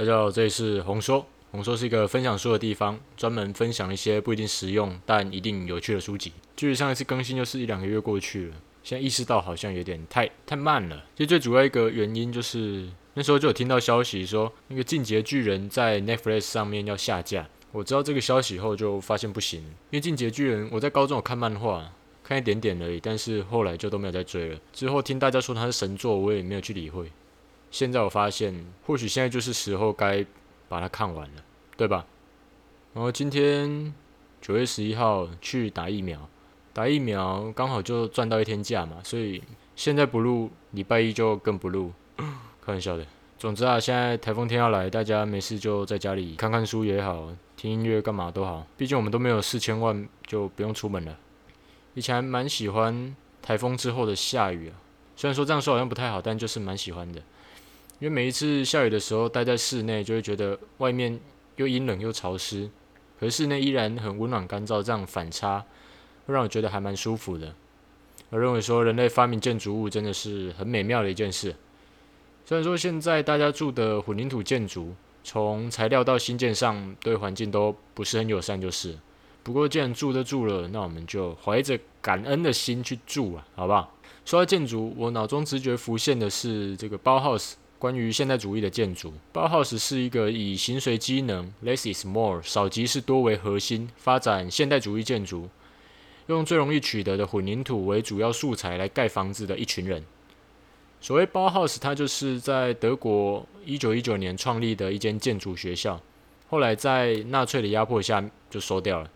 大家好，這裡是紅說。紅說是一個分享書的地方，專門分享一些不一定實用但一定有趣的書籍。距離上一次更新又是一兩個月過去了，現在意識到好像有點太太慢了。其實最主要一個原因就是那時候就有聽到消息說那個進擊巨人在 Netflix 上面要下架。我知道這個消息後就發現不行了，因為進擊巨人我在高中有看漫畫，看一點點而已，但是後來就都沒有再追了。之後聽大家說它是神作，我也沒有去理會。現在我發現，或許現在就是時候該把它看完了，對吧？然後今天九月十一號去打疫苗，打疫苗剛好就賺到一天假嘛，所以現在不錄，禮拜一就更不錄。 開玩笑的，總之啊，現在台風天要來，大家沒事就在家裡看看書也好，聽音樂幹嘛都好。畢竟我們都沒有四千萬，就不用出門了。以前還蠻喜歡台風之後的下雨啊，雖然說這樣說好像不太好，但就是蠻喜歡的。因為每一次下雨的時候，待在室內就會覺得外面又陰冷又潮濕，可是室內依然很溫暖乾燥，這樣反差會讓我覺得還蠻舒服的。我認為說人類發明建築物真的是很美妙的一件事。雖然說現在大家住的混凝土建築，從材料到興建上對環境都不是很友善，就是。不過既然住都住了，那我們就懷着感恩的心去住吧，啊。好不好？說到建築，我腦中直覺浮現的是這個包浩斯。關於現代主義的建築，包豪斯是一個以形隨機能，less is more，少即是多為核心，發展現代主義建築，用最容易取得的混凝土為主要素材來蓋房子的一群人。所謂包豪斯，它就是在德國一九一九年創立的一間建築學校，後來在納粹的壓迫下就收掉了。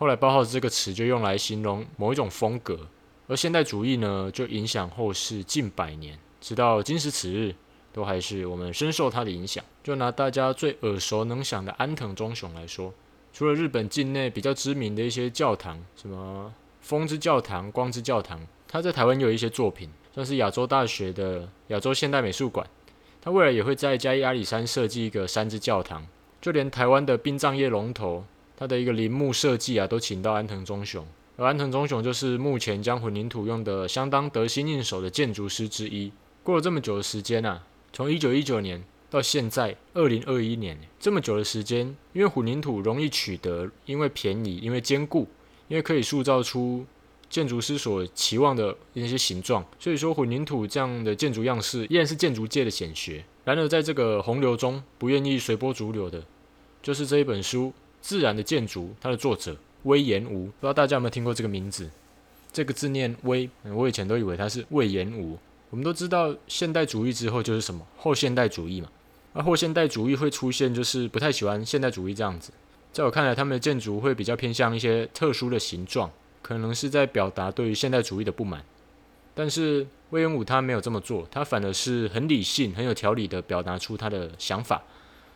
後來包豪斯這個詞就用來形容某一種風格，而現代主義呢，就影響後世近百年，直到今時此日。都還是我們深受他的影響。就拿大家最耳熟能詳的安藤忠雄來說，除了日本境內比較知名的一些教堂，什麼風之教堂、光之教堂，他在台灣有一些作品，像是亞洲大學的亞洲現代美術館。他未來也會在嘉義阿里山設計一個山之教堂。就連台灣的殯葬業龍頭，他的一個陵墓設計啊，都請到安藤忠雄。而安藤忠雄就是目前將混凝土用的相當得心應手的建築師之一。過了這麼久的時間啊。從一九一九年到現在二零二一年，這麼久的時間，因為混凝土容易取得，因為便宜，因為堅固，因為可以塑造出建築師所期望的那些形狀，所以說混凝土這樣的建築樣式依然是建築界的顯學。然而在這個洪流中，不願意隨波逐流的，就是這一本書《自然的建築》，它的作者隈研吾，不知道大家有沒有聽過這個名字？這個字念威，我以前都以為他是隈研吾。我們都知道，現代主義之後就是什麼？後現代主義嘛。而、啊、後現代主義會出現，就是不太喜歡現代主義這樣子。在我看來，他們的建築會比較偏向一些特殊的形狀，可能是在表達對於現代主義的不滿。但是隈研吾他沒有這麼做，他反而是很理性、很有條理的表達出他的想法。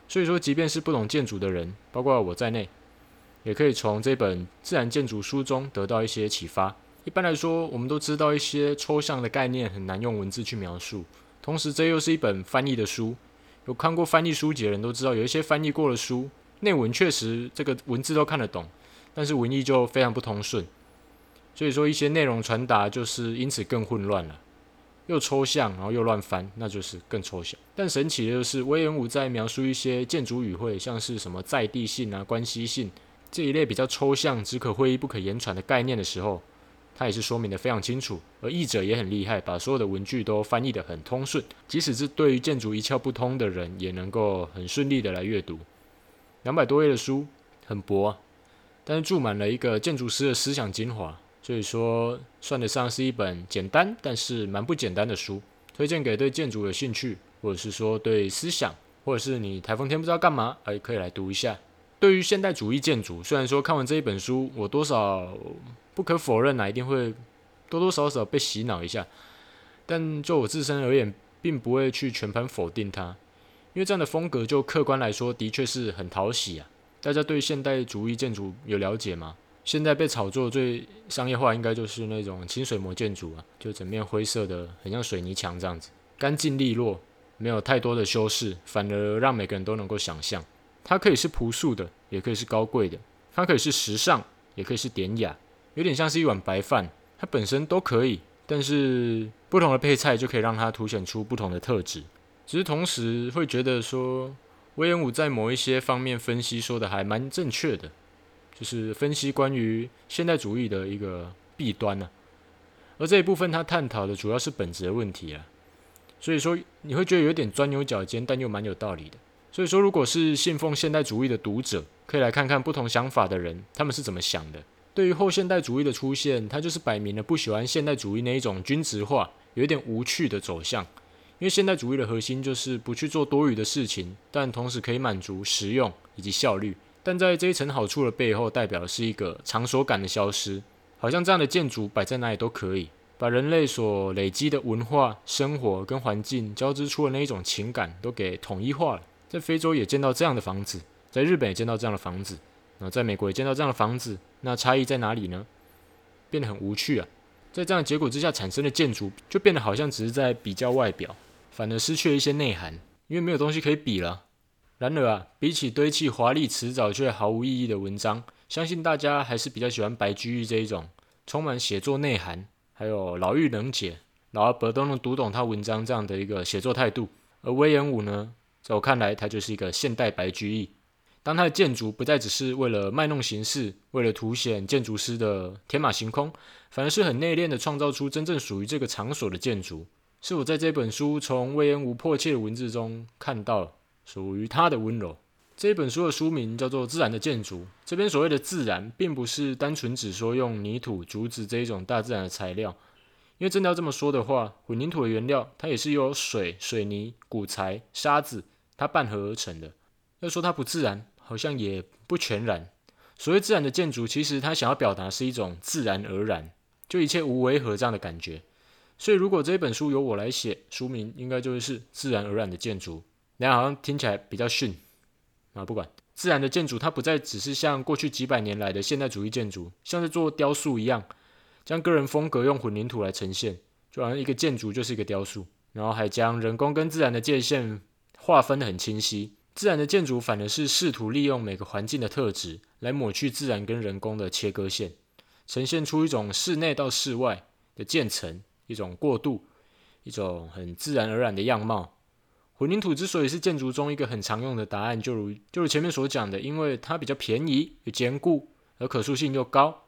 所以說，即便是不懂建築的人，包括我在內，也可以從這本《自然建築》書中得到一些啟發。一般來說，我們都知道一些抽象的概念很難用文字去描述。同時，這又是一本翻譯的書。有看過翻譯書籍的人都知道，有一些翻譯過的書內文確實這個文字都看得懂，但是文意就非常不通順。所以說，一些內容傳達就是因此更混亂了。又抽象，然後又亂翻，那就是更抽象。但神奇的就是，隈研吾在描述一些建築語彙，像是什麼在地性啊、關係性這一類比較抽象、只可會意不可言傳的概念的時候，它也是說明得非常清楚，而譯者也很厲害，把所有的文句都翻譯得很通順，即使是對於建築一竅不通的人，也能夠很順利的來閱讀。兩百多頁的書，很薄啊，但是注滿了一個建築師的思想精華，所以說算得上是一本簡單但是蠻不簡單的書。推薦給對建築有興趣，或者是說對思想，或者是你台風天不知道幹嘛，欸，可以來讀一下。對於現代主義建築，雖然說看完這一本書，我多少。不可否認啊，一定會多多少少被洗腦一下。但就我自身而言，並不會去全盤否定它，因為這樣的風格就客觀來說，的確是很討喜啊。大家對現代主義建築有了解嗎？現在被炒作最商業化，應該就是那種清水模建築啊，就整面灰色的，很像水泥牆這樣子，乾淨利落，沒有太多的修飾，反而讓每個人都能夠想象，它可以是樸素的，也可以是高貴的，它可以是時尚，也可以是典雅。有點像是一碗白飯，它本身都可以，但是不同的配菜就可以讓它凸顯出不同的特質。只是同時會覺得說，隈研吾在某一些方面分析說的還蠻正確的，就是分析關於現代主義的一個弊端呢、啊。而這一部分他探討的主要是本質的問題啊，所以說你會覺得有點鑽牛角尖，但又蠻有道理的。所以說，如果是信奉現代主義的讀者，可以來看看不同想法的人他們是怎麼想的。對於後現代主義的出現，它就是擺明了不喜歡現代主義那一種均質化，有一點無趣的走向。因為現代主義的核心就是不去做多餘的事情，但同時可以滿足實用以及效率。但在這一層好處的背後，代表的是一個場所感的消失。好像這樣的建築擺在哪裡都可以，把人類所累積的文化、生活跟環境交織出的那一種情感都給統一化了。在非洲也見到這樣的房子，在日本也見到這樣的房子。啊、在美國也見到這樣的房子，那差異在哪裡呢？變得很無趣啊！在這樣結果之下產生的建築，就變得好像只是在比較外表，反而失去了一些內涵，因為沒有東西可以比了。然而啊，比起堆砌華麗辭藻卻毫無意義的文章，相信大家還是比較喜歡白居易這一種充滿寫作內涵，還有老妪能解，老阿伯都能讀懂他文章這樣的一個寫作態度。而隈研吾呢，在我看來，他就是一個現代白居易。當他的建築不再只是為了賣弄形式，為了凸顯建築師的天馬行空，反而是很內斂的創造出真正屬於這個場所的建築，是我在這本書從隈研吾迫切的文字中看到屬於他的溫柔。這一本書的書名叫做《自然的建築》，這邊所謂的自然，並不是單純只說用泥土、竹子這一種大自然的材料，因為真的要這麼說的話，混凝土的原料它也是由水、水泥、骨材、沙子它拌合而成的，要說它不自然，好像也不全然。所謂自然的建築，其實他想要表達是一種自然而然，就一切無為和這樣的感覺。所以，如果這一本書由我來寫，書名應該就是《自然而然的建築》。那好像聽起來比較遜。啊，不管，自然的建築它不再只是像過去幾百年來的現代主義建築，像是做雕塑一樣，將個人風格用混凝土來呈現，就好像一個建築就是一個雕塑，然後還將人工跟自然的界限劃分的很清晰。自然的建築反而是試圖利用每個環境的特質，來抹去自然跟人工的切割線，呈現出一種室內到室外的漸層，一種過渡，一種很自然而然的樣貌。混凝土之所以是建築中一個很常用的答案，就如就如前面所講的，因為它比較便宜，又堅固，而可塑性又高，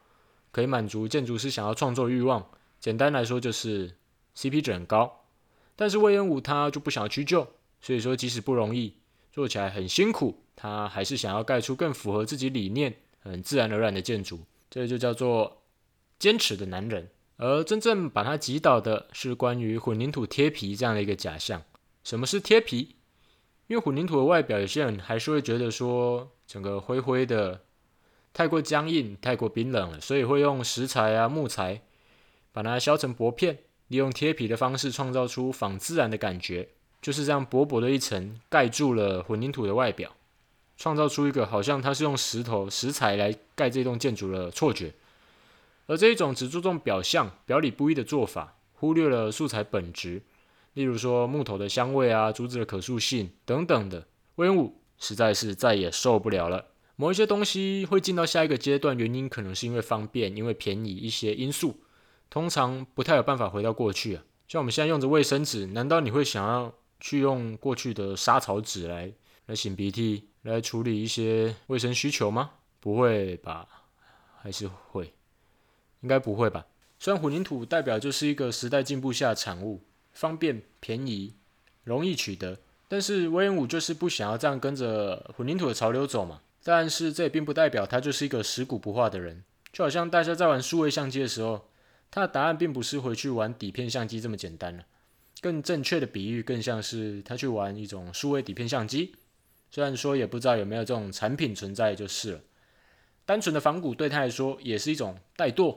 可以滿足建築師想要創作欲望。簡單來說就是 CP 值很高。但是隈研吾他就不想要去救，所以說即使不容易。做起來很辛苦，他還是想要蓋出更符合自己理念、很自然而然的建築，這個就叫做堅持的男人。而真正把他擊倒的是關於混凝土貼皮這樣的一個假象。什麼是貼皮？因為混凝土的外表有些人還是會覺得說，整個灰灰的，太過僵硬，太過冰冷了，所以會用石材啊、木材，把它削成薄片，利用貼皮的方式創造出仿自然的感覺。就是這樣薄薄的一層，蓋住了混凝土的外表，創造出一個好像它是用石頭石材來蓋這棟建築的錯覺。而這一種只注重表象、表裡不一的做法，忽略了素材本質，例如說木頭的香味啊、竹子的可塑性等等的。隈研吾實在是再也受不了了。某一些東西會進到下一個階段，原因可能是因為方便、因為便宜一些因素，通常不太有辦法回到過去啊。像我們現在用着衛生紙，難道你會想要？去用過去的沙草紙來來擤鼻涕，來處理一些衛生需求嗎？不會吧，還是會，應該不會吧。雖然混凝土代表就是一個時代進步下的產物，方便、便宜、容易取得，但是隈研吾就是不想要這樣跟着混凝土的潮流走嘛。但是這也並不代表他就是一個食古不化的人，就好像大家在玩數位相機的時候，他的答案並不是回去玩底片相機這麼簡單了、啊。更正確的比喻更像是他去玩一種數位底片相機，雖然說也不知道有沒有這種產品存在就是了。單純的仿古對他來說也是一種怠惰，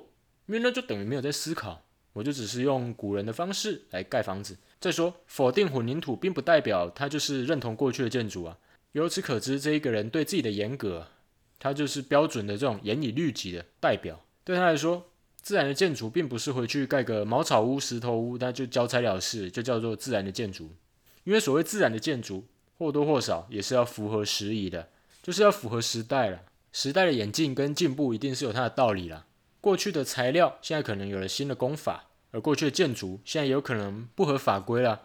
因為那就等於沒有在思考，我就只是用古人的方式來蓋房子。再說否定混凝土，並不代表他就是認同過去的建築啊。由此可知，這一個人對自己的嚴格啊，他就是標準的這種嚴以律己的代表。對他來說。自然的建築並不是回去蓋個茅草屋、石頭屋，那就交差了事，就叫做自然的建築。因為所謂自然的建築，或多或少也是要符合時宜的，就是要符合時代了。時代的演進跟進步一定是有它的道理了。過去的材料，現在可能有了新的工法；而過去的建築，現在也有可能不合法規了。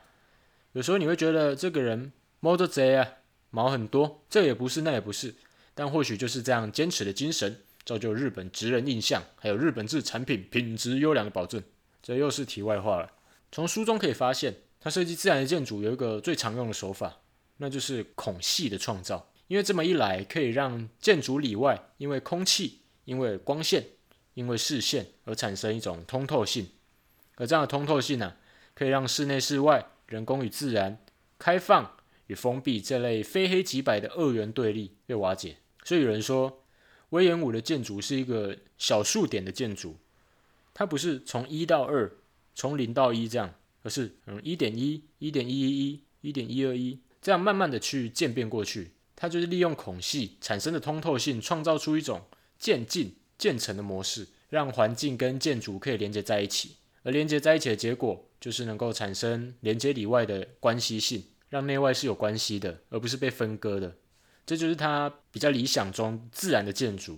有時候你會覺得這個人摸着賊啊，毛很多，這個也不是，那也不是，但或許就是這樣堅持的精神。造就日本職人印象，還有日本製產品品質優良的保證，這又是題外話了。從書中可以發現，它設計自然的建築有一個最常用的手法，那就是孔隙的創造。因為這麼一來，可以讓建築裡外因為空氣、因為光線、因為視線而產生一種通透性。而這樣的通透性呢、啊，可以讓室內室外、人工與自然、開放與封閉這類非黑即白的二元對立被瓦解。所以有人說。隈研吾的建築是一個小數點的建築，它不是從一到二，從零到一這樣，而是嗯一點一，一點一一一，一點一二一這樣慢慢的去漸變過去。它就是利用孔隙產生的通透性，創造出一種漸進漸層的模式，讓環境跟建築可以連接在一起。而連接在一起的結果，就是能夠產生連接裡外的關係性，讓內外是有關係的，而不是被分割的。這就是他比較理想中自然的建築，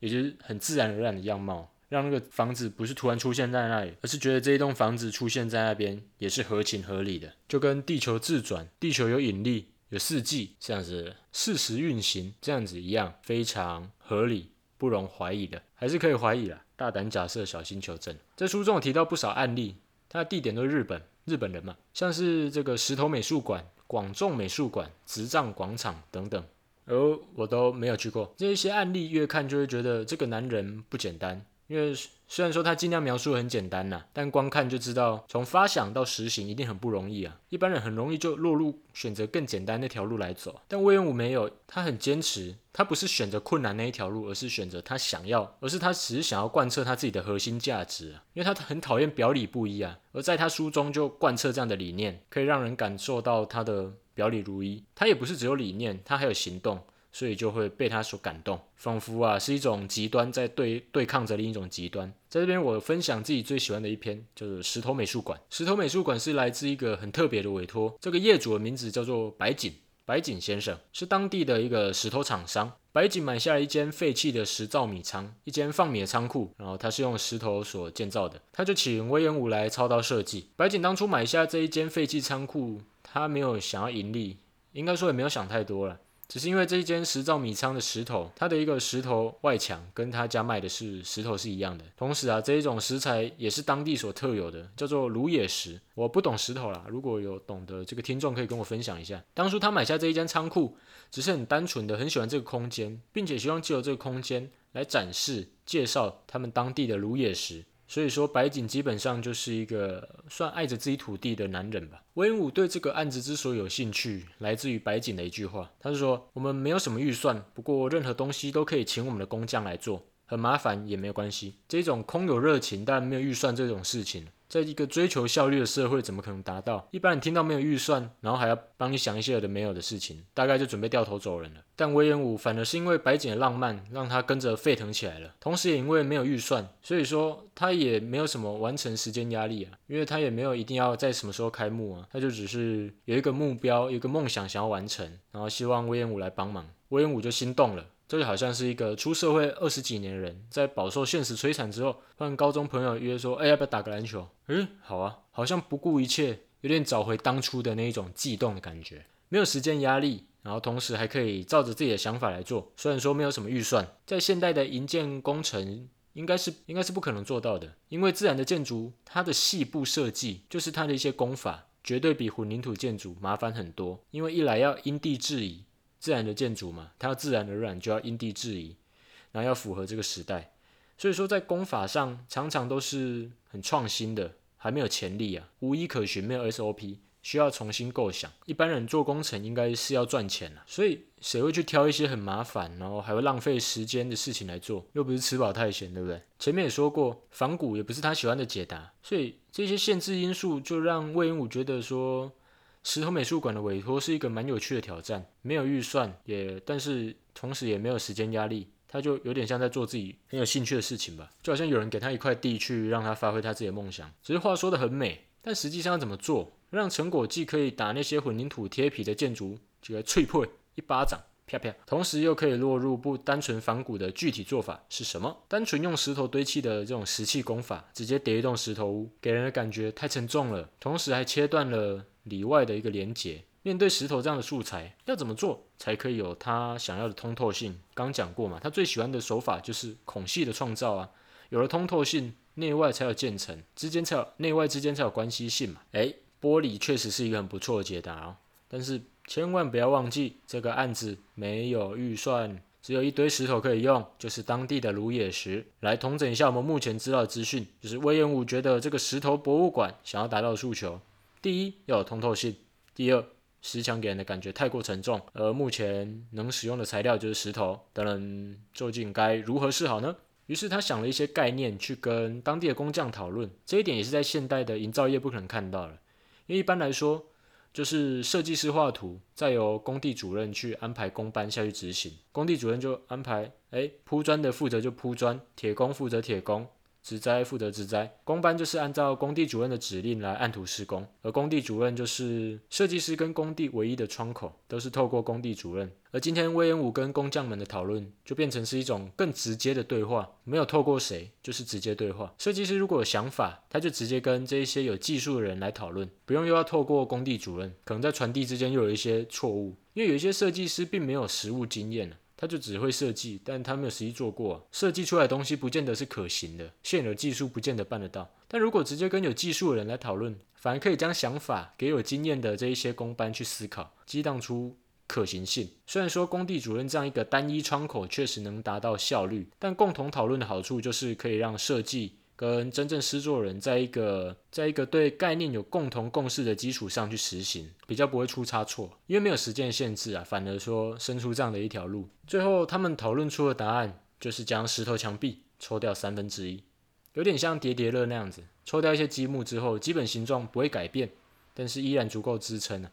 也就是很自然而然的樣貌，讓那個房子不是突然出現在那裡，而是覺得這一棟房子出現在那邊也是合情合理的，就跟地球自轉、地球有引力、有四季這樣子適時運行這樣子一樣，非常合理，不容懷疑的，還是可以懷疑了。大膽假設，小心求證。在書中提到不少案例，它的地點都是日本，日本人嘛，像是這個石頭美術館、廣重美術館、執藏廣場等等。而我都沒有去過。這一些案例越看就會覺得這個男人不簡單，因為雖然說他盡量描述很簡單吶、啊，但光看就知道，從發想到實行一定很不容易啊。一般人很容易就落入選擇更簡單那條路來走，但隈研吾沒有，他很堅持，他不是選擇困難那一條路，而是選擇他想要，而是他只是想要貫徹他自己的核心價值、啊，因為他很討厭表裡不一啊。而在他書中就貫徹這樣的理念，可以讓人感受到他的。表裡如一，他也不是只有理念，他還有行動，所以就會被他所感動，仿佛啊是一種極端在對對抗着另一種極端。在這邊，我分享自己最喜歡的一篇，叫做《石頭美術館》。石頭美術館是來自一個很特別的委托，這個業主的名字叫做白井，白井先生是當地的一個石頭廠商。白井買下了一間廢棄的石造米倉，一間放米的倉庫，然後他是用石頭所建造的，他就請隈研吾來操刀設計。白井當初買下這一間廢棄倉庫。他沒有想要盈利，應該說也沒有想太多了，只是因為這一間石造米倉的石頭，他的一個石頭外牆跟他家賣的是石頭是一樣的。同時啊，這一種石材也是當地所特有的，叫做蘆野石。我不懂石頭啦，如果有懂得這個聽眾可以跟我分享一下。當初他買下這一間倉庫，只是很單純的很喜歡這個空間，並且希望借由這個空間來展示介紹他們當地的蘆野石。所以說，白井基本上就是一個算愛着自己土地的男人吧。隈研吾對這個案子之所以有興趣，來自於白井的一句話，他是說：“我們沒有什麼預算，不過任何東西都可以請我們的工匠來做，很麻煩也沒有關係。”這種空有熱情但沒有預算這種事情。在一個追求效率的社會，怎麼可能達到？一般你聽到沒有預算，然後還要幫你想一些有的沒有的事情，大概就準備掉頭走人了。但隈研吾反而是因為白撿的浪漫，讓他跟着沸騰起來了。同時也因為沒有預算，所以說他也沒有什麼完成時間壓力啊，因為他也沒有一定要在什麼時候開幕啊，他就只是有一個目標，有一個夢想想要完成，然後希望隈研吾來幫忙，隈研吾就心動了。這就好像是一個出社會二十幾年的人，在飽受現實摧殘之後，換高中朋友約說：“哎、欸，要不要打個籃球？”嗯，好啊，好像不顧一切，有點找回當初的那一種悸動的感覺，沒有時間壓力，然後同時還可以照着自己的想法來做。雖然說沒有什麼預算，在現代的營建工程應該是應該是不可能做到的，因為自然的建築它的細部設計就是它的一些工法，絕對比混凝土建築麻煩很多，因為一來要因地制宜。自然的建築嘛，它要自然而然就要因地制宜，然後要符合這個時代。所以說，在工法上常常都是很創新的，還沒有潛力啊，無依可循，沒有 SOP，需要重新構想。一般人做工程應該是要賺錢啊，所以誰會去挑一些很麻煩，然後還會浪費時間的事情來做？又不是吃飽太閒，對不對？前面也說過，仿古也不是他喜歡的解答，所以這些限制因素就讓隈研吾覺得說。石頭美術館的委托是一個蠻有趣的挑戰，沒有預算也，但是同時也沒有時間壓力，他就有點像在做自己很有興趣的事情吧，就好像有人給他一塊地去讓他發揮他自己的夢想。只是話說得很美，但實際上要怎麼做，讓成果既可以打那些混凝土貼皮的建築，就來脆破一巴掌啪啪，同時又可以落入不單純仿古的具體做法是什麼？單純用石頭堆砌的這種石器工法，直接疊一棟石頭屋，給人的感覺太沉重了，同時還切斷了。裡外的一個連接。面對石頭這樣的素材，要怎麼做才可以有他想要的通透性？剛講過嘛，他最喜歡的手法就是孔隙的創造啊。有了通透性，內外才有建成，之間才有內外之間才有關係性嘛。哎，玻璃確實是一個很不錯的解答哦。但是千萬不要忘記，這個案子沒有預算，只有一堆石頭可以用，就是當地的蘆野石。來統整一下我們目前知道的資訊，就是隈研吾覺得這個石頭博物館想要達到的訴求。第一要有通透性，第二石牆給人的感覺太過沉重，而目前能使用的材料就是石頭，當然究竟該如何是好呢？於是他想了一些概念去跟當地的工匠討論，這一點也是在現代的營造業不可能看到了，因為一般來說就是設計師畫圖，再由工地主任去安排工班下去執行，工地主任就安排，哎鋪磚的負責就鋪磚，鐵工負責鐵工。植栽、負責植栽，工班就是按照工地主任的指令來按圖施工，而工地主任就是設計師跟工地唯一的窗口，都是透過工地主任。而今天隈研吾跟工匠們的討論，就變成是一種更直接的對話，沒有透過誰，就是直接對話。設計師如果有想法，他就直接跟這些有技術的人來討論，不用又要透過工地主任，可能在傳遞之間又有一些錯誤，因為有一些設計師並沒有實務經驗他就只會設計，但他沒有實際做過啊。設計出來的東西不見得是可行的，現有技術不見得辦得到。但如果直接跟有技術的人來討論，反而可以將想法給有經驗的這一些工班去思考，激盪出可行性。雖然說工地主任這樣一個單一窗口確實能達到效率，但共同討論的好處就是可以讓設計。跟真正施作人在一個在一個對概念有共同共識的基礎上去實行，比較不會出差錯，因為沒有時間限制啊。反而說，伸出這樣的一條路，最後他們討論出的答案就是將石頭牆壁抽掉三分之一，有點像疊疊樂那樣子，抽掉一些積木之後，基本形狀不會改變，但是依然足夠支撐啊。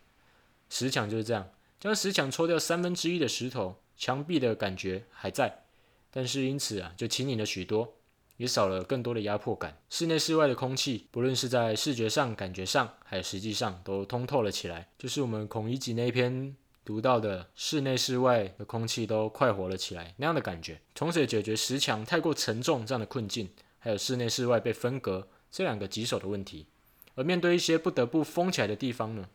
石牆就是這樣，將石牆抽掉三分之一的石頭，牆壁的感覺還在，但是因此啊，就輕盈了許多。也少了更多的壓迫感，室內室外的空氣，不論是在視覺上、感覺上，還有實際上，都通透了起來，就是我們孔乙己那篇讀到的，室內室外的空氣都快活了起來那樣的感覺。同時也解決石牆太過沉重這樣的困境，還有室內室外被分割這兩個棘手的問題。而面對一些不得不封起來的地方呢，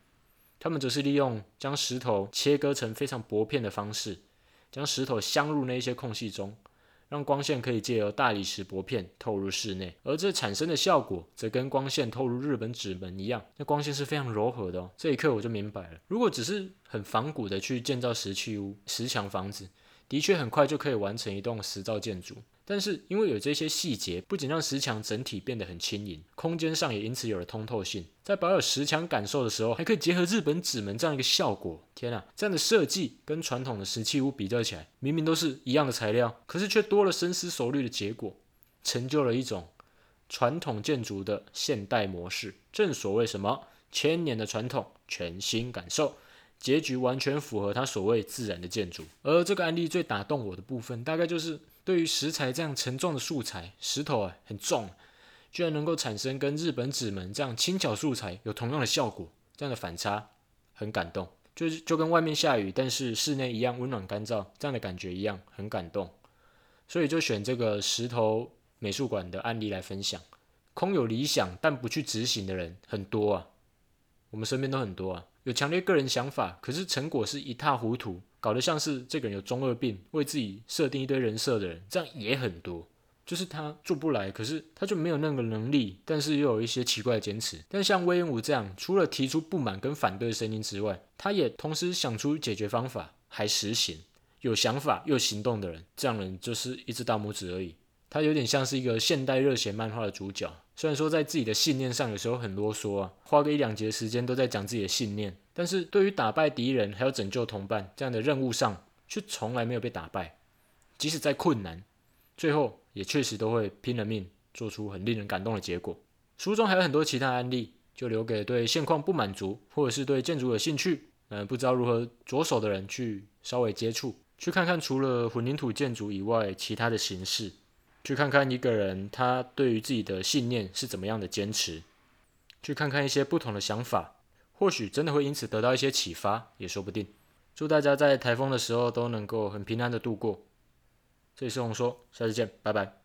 他們則是利用將石頭切割成非常薄片的方式，將石頭鑲入那一些空隙中。讓光線可以借由大理石薄片透入室內，而這產生的效果則跟光線透入日本紙門一樣，那光線是非常柔和的哦。這一刻我就明白了，如果只是很仿古的去建造石砌屋、石牆房子，的確很快就可以完成一棟石造建築。但是因為有這些細節，不僅讓石牆整體變得很輕盈，空間上也因此有了通透性。在保有石牆感受的時候，還可以結合日本紙門這樣一個效果。天啊，這樣的設計跟傳統的石砌屋比較起來，明明都是一樣的材料，可是卻多了深思熟慮的結果，成就了一種傳統建築的現代模式。正所謂什麼千年的傳統，全新感受，結局完全符合他所謂自然的建築。而這個案例最打動我的部分，大概就是。對於石材這樣沉重的素材，石頭啊很重，居然能夠產生跟日本紙門這樣輕巧素材有同樣的效果，這樣的反差很感動，就是就跟外面下雨，但是室內一樣溫暖乾燥這樣的感覺一樣，很感動。所以就選這個石頭美術館的案例來分享。空有理想但不去執行的人很多啊，我們身邊都很多啊。有強烈個人想法，可是成果是一塌糊塗，搞得像是這個人有中二病，為自己設定一堆人設的人，這樣也很多。就是他做不來，可是他就沒有那個能力，但是又有一些奇怪的堅持。但像隈研吾這樣，除了提出不滿跟反對的聲音之外，他也同時想出解決方法，還實行。有想法又行動的人，這樣人就是一隻大拇指而已。他有點像是一個現代熱血漫畫的主角。雖然說在自己的信念上有時候很囉嗦啊，花個一兩節時間都在講自己的信念，但是對於打敗敵人還有拯救同伴這樣的任務上，卻從來沒有被打敗。即使再困難，最後也確實都會拼了命做出很令人感動的結果。書中還有很多其他案例，就留給對現況不滿足或者是對建築有興趣，嗯、呃，不知道如何着手的人去稍微接觸，去看看除了混凝土建築以外，其他的形式。去看看一個人，他對於自己的信念是怎麼樣的堅持。去看看一些不同的想法，或許真的會因此得到一些啟發，也說不定。祝大家在台風的時候都能夠很平安的度過。這裡是紅說，下次見，拜拜。